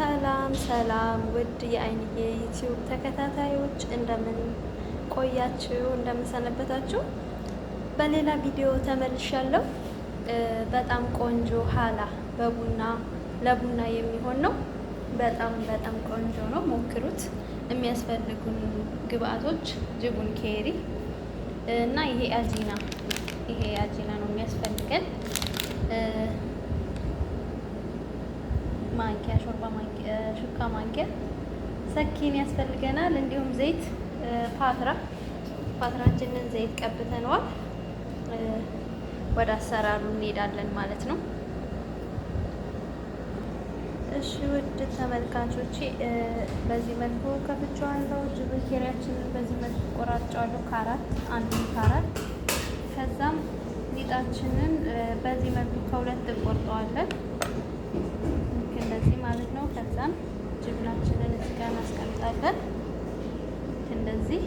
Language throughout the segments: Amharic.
ሰላም ሰላም ውድ የአይንዬ ዩቲዩብ ተከታታዮች እንደምን ቆያችሁ? እንደምንሰነበታችሁ። በሌላ ቪዲዮ ተመልሻለሁ። በጣም ቆንጆ ሀላ በቡና ለቡና የሚሆን ነው። በጣም በጣም ቆንጆ ነው፣ ሞክሩት። የሚያስፈልጉን ግብአቶች ጅቡን ኬሪ እና ይሄ አዚና ይሄ አዚና ነው የሚያስፈልገን ማንኪያ ሾርባ ማንኪያ ሹካ ማንኪያ ሰኪን ያስፈልገናል። እንዲሁም ዘይት ፓትራ ፓትራችንን ዘይት ቀብተነዋል። ወደ አሰራሩ እንሄዳለን ማለት ነው። እሺ ውድ ተመልካቾቼ በዚህ መልኩ ከፍቼዋለሁ። ጅብኬሪያችንን በዚህ መልኩ ቆራጫዋለሁ። ከአራት አንዱን ከአራት ከዛም ሊጣችንን በዚህ መልኩ ከሁለት እንቆርጠዋለን። ጋር እናስቀምጣለን። እንደዚህ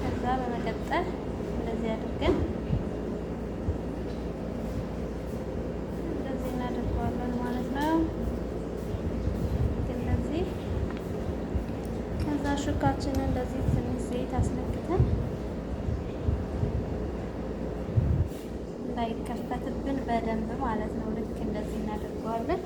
ከዛ በመቀጠል እንደዚህ አድርገን እንደዚህ እናደርገዋለን ማለት ነው። እንደዚህ ከዛ ሹካችንን እንደዚህ ትንሽ ዘይት አስነክተን እንዳይከፈትብን በደንብ ማለት ነው። ልክ እንደዚህ እናደርገዋለን።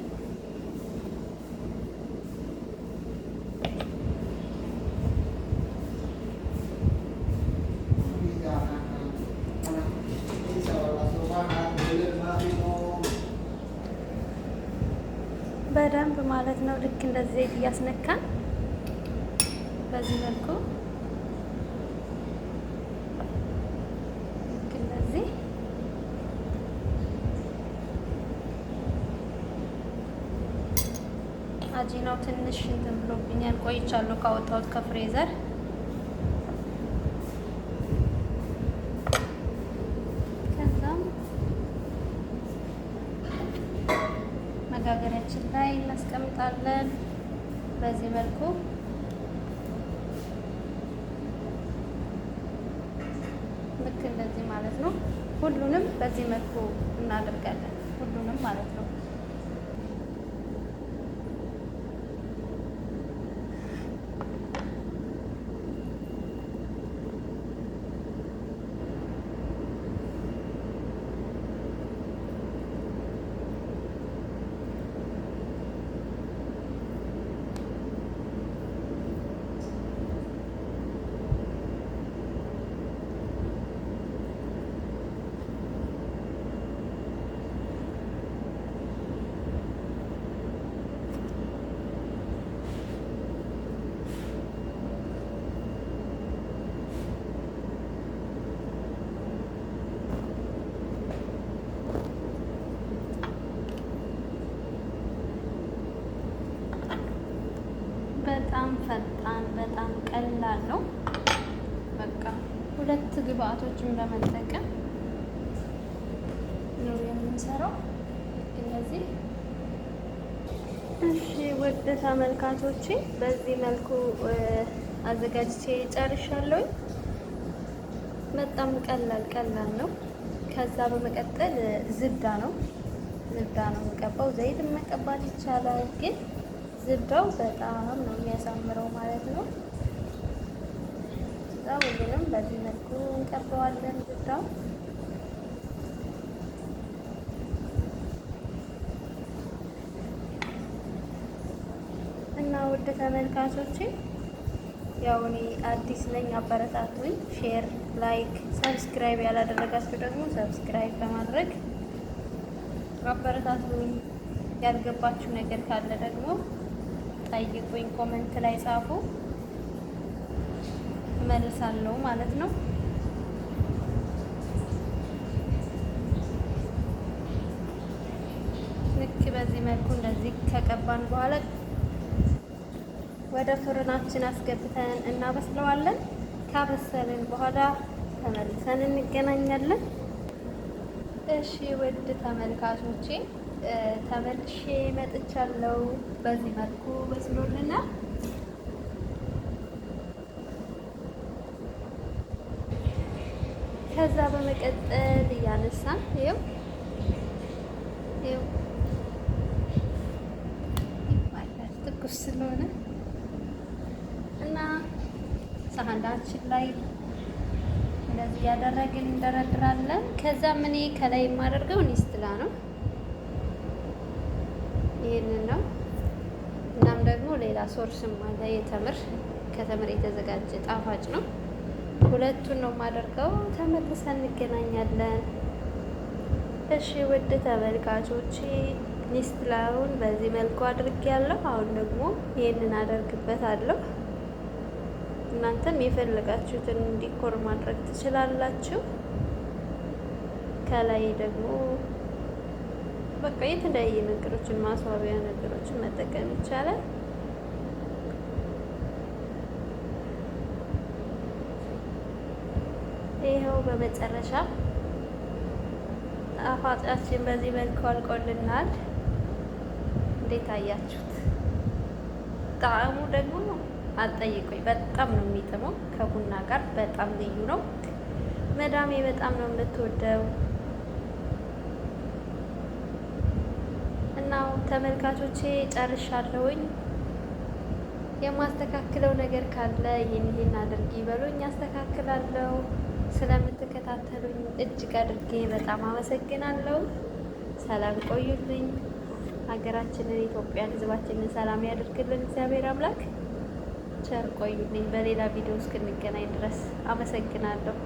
በደንብ ማለት ነው። ልክ እንደዚህ ዘይት እያስነካን በዚህ መልኩ እንደዚህ አጂናው ትንሽ እንትን ብሎብኛል። ቆይቻለሁ ካወጣሁት ከፍሬዘር እናወጣለን። በዚህ መልኩ ልክ እንደዚህ ማለት ነው። ሁሉንም በዚህ መልኩ እናደርጋለን። ሁሉንም ማለት ነው። ግብአቶችን በመጠቀም ነው የምንሰራው። እነዚህ እሺ፣ ውድ ተመልካቾች በዚህ መልኩ አዘጋጅቼ ጨርሻለሁ። በጣም ቀላል ቀላል ነው። ከዛ በመቀጠል ዝብዳ ነው ዝብዳ ነው የሚቀባው። ዘይት መቀባት ይቻላል፣ ግን ዝብዳው በጣም ነው የሚያሳምረው ማለት ነው። ሁሉንም በዚህ እንቀበዋለን ብራው እና ውድ ተመልካቾቼ ያው እኔ አዲስ ነኝ፣ አበረታቱኝ። ሼር፣ ላይክ፣ ሰብስክራይብ ያላደረጋችሁ ደግሞ ሰብስክራይብ በማድረግ አበረታቱኝ። ያልገባችሁ ነገር ካለ ደግሞ ጠይቁኝ፣ ኮመንት ላይ ጻፉ። መልሳለሁ ማለት ነው። ልክ በዚህ መልኩ እንደዚህ ከቀባን በኋላ ወደ ፍርናችን አስገብተን እናበስለዋለን። ካበሰልን በኋላ ተመልሰን እንገናኛለን። እሺ ውድ ተመልካቾቼ ተመልሼ መጥቻለሁ። በዚህ መልኩ በስሎልናል። ከዛ በመቀጠል እያነሳን ይኸው ይኸው ይባላል ትኩስ ስለሆነ እና ሳህናችን ላይ እንደዚህ እያደረግን እንደረድራለን። ከዛ ምን ከላይ የማደርገው ኒስትላ ነው። ይህንን ነው። እናም ደግሞ ሌላ ሶርስም አለ የተምር ከተምር የተዘጋጀ ጣፋጭ ነው። ሁለቱን ነው የማደርገው። ተመልሰን እንገናኛለን። እሺ ውድ ተመልካቾች ኒስትላውን በዚህ መልኩ አድርጌ ያለው አሁን ደግሞ ይህንን አደርግበታለሁ። እናንተም የፈለጋችሁትን እንዲኮር ማድረግ ትችላላችሁ። ከላይ ደግሞ በቃ የተለያየ ነገሮችን ማስዋቢያ ነገሮችን መጠቀም ይቻላል። በመጨረሻ ጣፋጫችን በዚህ መልኩ አልቆልናል። እንዴት አያችሁት? ጣዕሙ ደግሞ አልጠይቁኝ፣ በጣም ነው የሚጥመው። ከቡና ጋር በጣም ልዩ ነው። መዳሜ በጣም ነው የምትወደው እና ተመልካቾቼ ጨርሻለሁኝ። የማስተካክለው ነገር ካለ ይህን ይህን አድርጊ በሉኝ፣ አስተካክላለሁ። ስለምትከታተሉኝ እጅግ አድርጌ በጣም አመሰግናለሁ። ሰላም ቆዩልኝ። ሀገራችንን ኢትዮጵያን፣ ህዝባችንን ሰላም ያደርግልን እግዚአብሔር አምላክ። ቸር ቆዩልኝ። በሌላ ቪዲዮ እስክንገናኝ ድረስ አመሰግናለሁ።